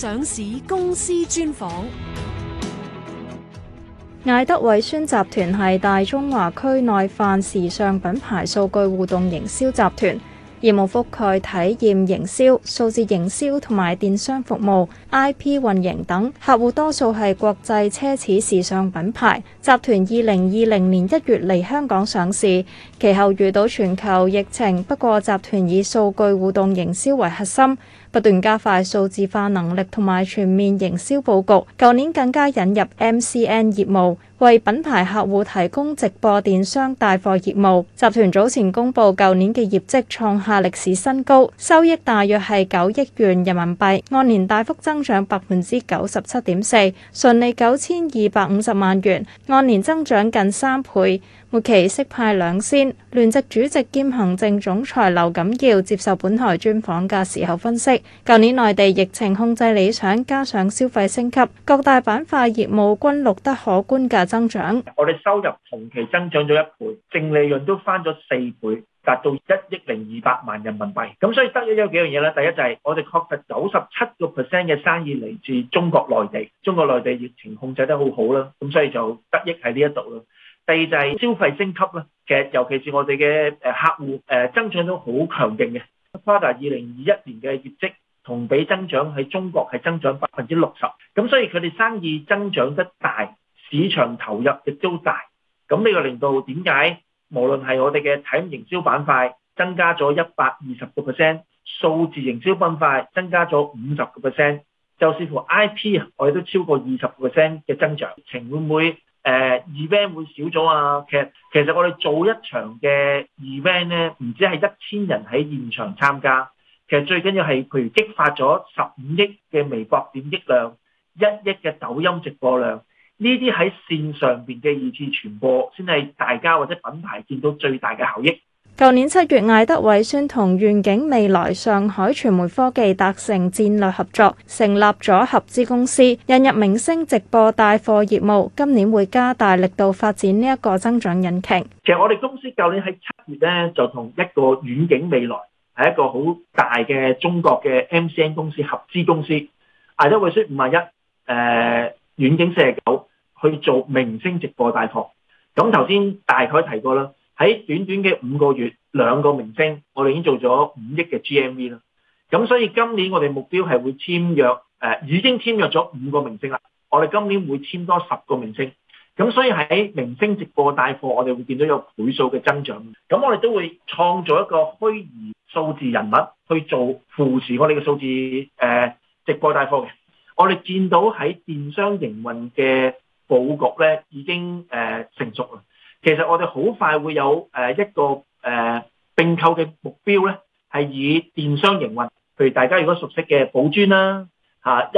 上市公司專訪，艾德偉宣集團係大中華區內泛時尚品牌數據互動營銷集團，業務覆蓋體驗營銷、數字營銷同埋電商服務、IP 運營等，客戶多數係國際奢侈時尚品牌。集團二零二零年一月嚟香港上市，其後遇到全球疫情，不過集團以數據互動營銷為核心。不斷加快數字化能力同埋全面營銷佈局，舊年更加引入 MCN 業務，為品牌客戶提供直播電商帶貨業務。集團早前公布舊年嘅業績創下歷史新高，收益大約係九億元人民幣，按年大幅增長百分之九十七點四，純利九千二百五十萬元，按年增長近三倍。末期息派兩仙，聯席主席兼行政總裁劉錦耀接受本台專訪嘅時候分析，舊年內地疫情控制理想，加上消費升級，各大板塊業務均錄得可觀嘅增長。我哋收入同期增長咗一倍，淨利潤都翻咗四倍，達到一億零二百萬人民幣。咁所以得益有幾樣嘢啦，第一就係我哋確實九十七個 percent 嘅生意嚟自中國內地，中國內地疫情控制得好好啦，咁所以就得益喺呢一度啦。第四就係消費升級啦，其實尤其是我哋嘅誒客戶誒、呃、增長都好強勁嘅，跨達二零二一年嘅業績同比增長喺中國係增長百分之六十，咁所以佢哋生意增長得大，市場投入亦都大，咁呢個令到點解無論係我哋嘅體驗營銷板塊增加咗一百二十個 percent，數字營銷板塊增加咗五十個 percent，就似乎 IP 我哋都超過二十個 percent 嘅增長，情會唔會？誒、uh, event 會少咗啊，其實其實我哋做一場嘅 event 咧，唔止係一千人喺現場參加，其實最緊要係譬如激發咗十五億嘅微博點擊量、一億嘅抖音直播量，呢啲喺線上邊嘅二次傳播，先係大家或者品牌見到最大嘅效益。舊年七月，艾德偉宣同願景未來上海傳媒科技達成戰略合作，成立咗合資公司，引入明星直播帶貨業務。今年會加大力度發展呢一個增長引擎。其實我哋公司舊年喺七月咧，就同一個願景未來係一個好大嘅中國嘅 MCN 公司合資公司，艾德偉宣五十一，誒，願景四十九去做明星直播帶貨。咁頭先大概提過啦。喺短短嘅五個月，兩個明星，我哋已經做咗五億嘅 GMV 啦。咁所以今年我哋目標係會簽約，誒、呃、已經簽約咗五個明星啦。我哋今年會簽多十個明星。咁所以喺明星直播帶貨，我哋會見到有倍數嘅增長。咁我哋都會創造一個虛擬數字人物去做扶持我哋嘅數字誒、呃、直播帶貨嘅。我哋見到喺電商營運嘅佈局咧，已經誒、呃、成熟啦。其實我哋好快會有誒一個誒並購嘅目標呢，係以電商營運，譬如大家如果熟悉嘅寶尊啦、嚇一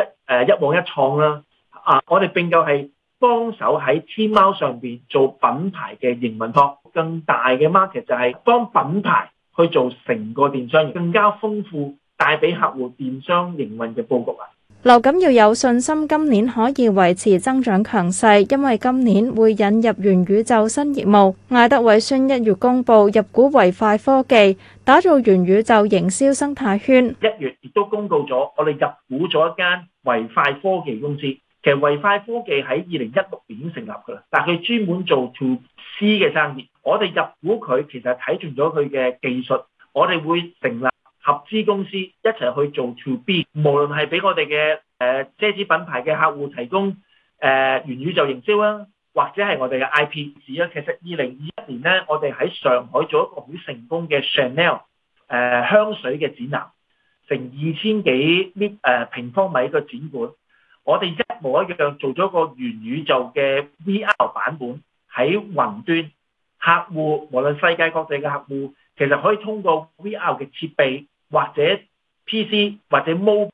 誒壹網壹創啦，啊，我哋並購係幫手喺天貓上邊做品牌嘅營運託，更大嘅 market 就係幫品牌去做成個電商，更加豐富帶俾客戶電商營運嘅佈局啊！流感劉錦耀要有信心，今年可以維持增長強勢，因為今年會引入元宇宙新業務。艾德韋宣一月公布入股維快科技，打造元宇宙營銷生態圈。一月亦都公告咗，我哋入股咗一間維快科技公司。其實維快科技喺二零一六年已經成立噶啦，但係佢專門做 to C 嘅生意。我哋入股佢，其實睇中咗佢嘅技術，我哋會成立。合資公司一齊去做 to B，無論係俾我哋嘅誒奢侈品牌嘅客戶提供誒、呃、元宇宙營銷啊，或者係我哋嘅 I P S 啊，其實二零二一年咧，我哋喺上海做一個好成功嘅 Chanel 誒、呃、香水嘅展覽，成二千幾呎誒、呃、平方米嘅展館，我哋一模一樣做咗個元宇宙嘅 V R 版本喺雲端。客戶，無論世界各地嘅客戶，其實可以通過 VR 嘅設備或者 PC 或者 mobile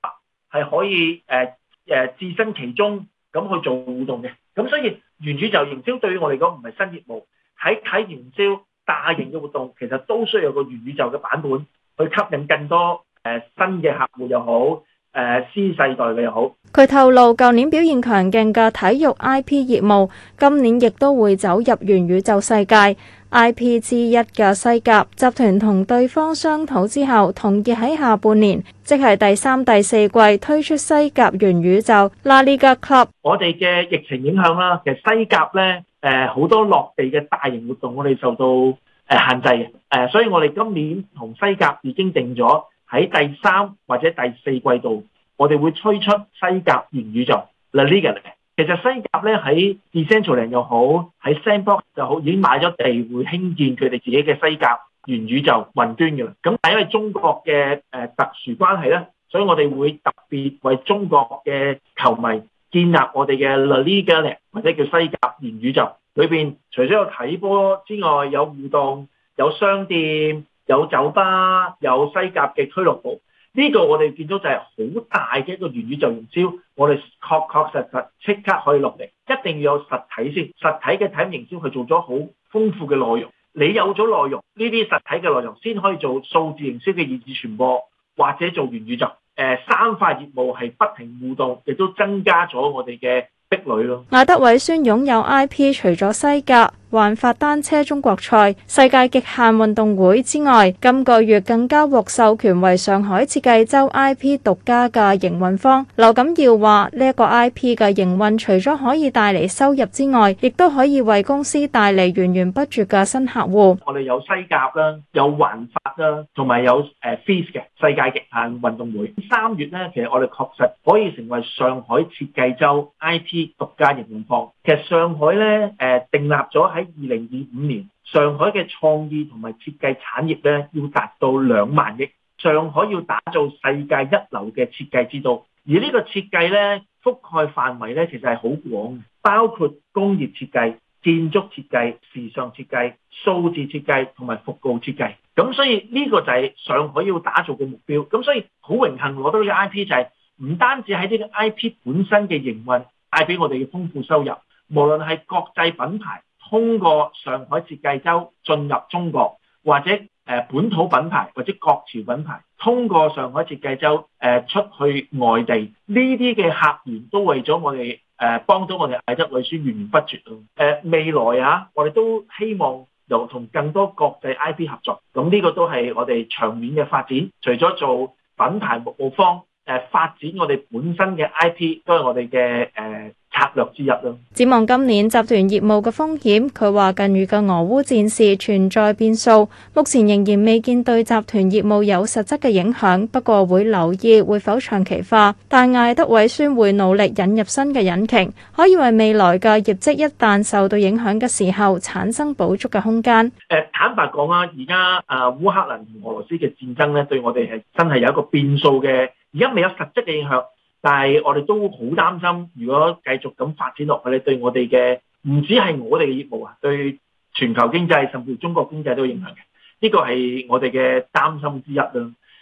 係，可以誒誒置身其中咁去做互動嘅。咁所以元宇宙營銷對於我嚟講唔係新業務，喺體驗營銷大型嘅活動其實都需要個元宇宙嘅版本去吸引更多誒、呃、新嘅客戶又好。誒，新世代你又好。佢透露，舊年表現強勁嘅體育 I P 業務，今年亦都會走入元宇宙世界。I P 之一嘅西甲集團同對方商討之後，同意喺下半年，即係第三、第四季推出西甲元宇宙 La Liga club。我哋嘅疫情影響啦，其實西甲呢，誒，好多落地嘅大型活動，我哋受到誒限制嘅。所以我哋今年同西甲已經定咗。喺第三或者第四季度，我哋會推出西甲元宇宙 （Liga l e a g u 其實西甲咧，喺 Decentraland 又好，喺 Snapchat 就好，已經買咗地，會興建佢哋自己嘅西甲元宇宙雲端嘅啦。咁但係因為中國嘅誒特殊關係咧，所以我哋會特別為中國嘅球迷建立我哋嘅 Liga l e g u 或者叫西甲元宇宙裏邊，裏面除咗有睇波之外，有互動，有商店。有酒吧，有西甲嘅俱樂部，呢、這個我哋見到就係好大嘅一個元宇宙營銷，我哋確確實實即刻可以落嚟，一定要有實體先，實體嘅體驗營銷，佢做咗好豐富嘅內容，你有咗內容，呢啲實體嘅內容先可以做數字營銷嘅二次傳播，或者做元宇宙，誒、呃、三塊業務係不停互動，亦都增加咗我哋嘅壁壘咯。艾、啊、德偉宣擁有 IP，除咗西甲。環法單車中國賽、世界極限運動會之外，今個月更加獲授權為上海設計周 IP 獨家嘅營運方。劉錦耀話：呢一個 IP 嘅營運，除咗可以帶嚟收入之外，亦都可以為公司帶嚟源源不絕嘅新客戶。我哋有西甲啦，有環法啦，同埋有誒 FIS 嘅世界極限運動會。三月呢，其實我哋確實可以成為上海設計周 IP 獨家營運方。其實上海呢誒訂立咗。喺二零二五年，上海嘅創意同埋設計產業咧，要達到兩萬億。上海要打造世界一流嘅設計之都，而呢個設計咧覆蓋範圍咧，其實係好廣，包括工業設計、建築設計、時尚設計、數字設計同埋服務設計。咁所以呢個就係上海要打造嘅目標。咁所以好榮幸攞到呢個 I P，就係、是、唔單止喺呢個 I P 本身嘅營運帶俾我哋嘅豐富收入，無論係國際品牌。通過上海設計周進入中國，或者誒、呃、本土品牌或者國潮品牌，通過上海設計周誒、呃、出去外地，呢啲嘅客源都為咗我哋誒、呃、幫到我哋艾德韋宣源源不絕啊、呃，未來啊，我哋都希望由同更多國際 IP 合作，咁呢個都係我哋長遠嘅發展。除咗做品牌服務方，誒、呃、發展我哋本身嘅 IP 都係我哋嘅誒、呃策略之一咯。展望今年集團業務嘅風險，佢話近月嘅俄烏戰事存在變數，目前仍然未見對集團業務有實質嘅影響，不過會留意會否長期化。但艾德韋宣會努力引入新嘅引擎，可以為未來嘅業績一旦受到影響嘅時候產生補足嘅空間。坦白講啊，而家誒烏克蘭同俄羅斯嘅戰爭呢，對我哋係真係有一個變數嘅。而家未有實質嘅影響。但係我哋都好擔心，如果繼續咁發展落去咧，我對我哋嘅，唔止係我哋嘅業務啊，對全球經濟甚至中國經濟都有影響嘅。呢個係我哋嘅擔心之一啦。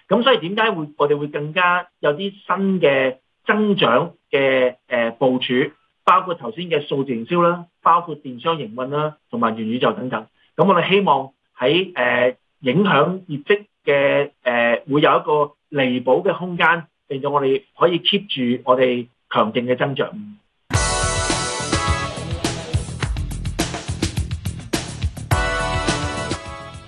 咁所以點解會我哋會更加有啲新嘅增長嘅誒部署，包括頭先嘅數字營銷啦，包括電商營運啦，同埋元宇宙等等。咁我哋希望喺誒影響業績嘅誒會有一個彌補嘅空間。令到我哋可以 keep 住我哋強勁嘅增長。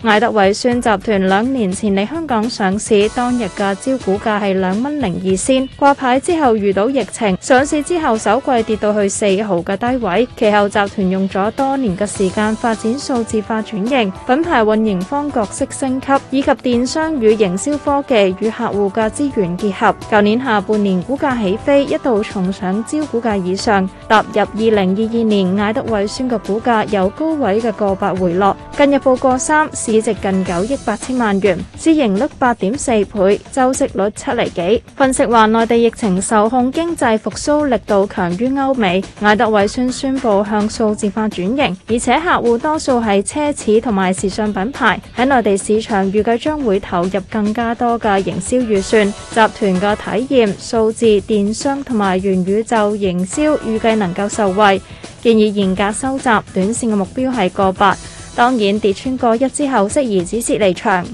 艾德韋宣集團兩年前嚟香港上市，當日嘅招股價係兩蚊零二仙。掛牌之後遇到疫情，上市之後首季跌到去四毫嘅低位。其後集團用咗多年嘅時間發展數字化轉型、品牌運營方角色升級，以及電商與營銷科技與客戶嘅資源結合。舊年下半年股價起飛，一度重上招股價以上。踏入二零二二年，艾德韋宣嘅股價由高位嘅過百回落，近日報過三。市值近九億八千萬元，市盈率八點四倍，周息率七厘幾。分析話，內地疫情受控，經濟復甦力度強於歐美。艾德韋宣宣布向數字化轉型，而且客戶多數係奢侈同埋時尚品牌。喺內地市場預計將會投入更加多嘅營銷預算，集團嘅體驗、數字電商同埋元宇宙營銷預計能夠受惠。建議嚴格收集，短線嘅目標係個八。當然，跌穿過一之後，適宜止蝕離場。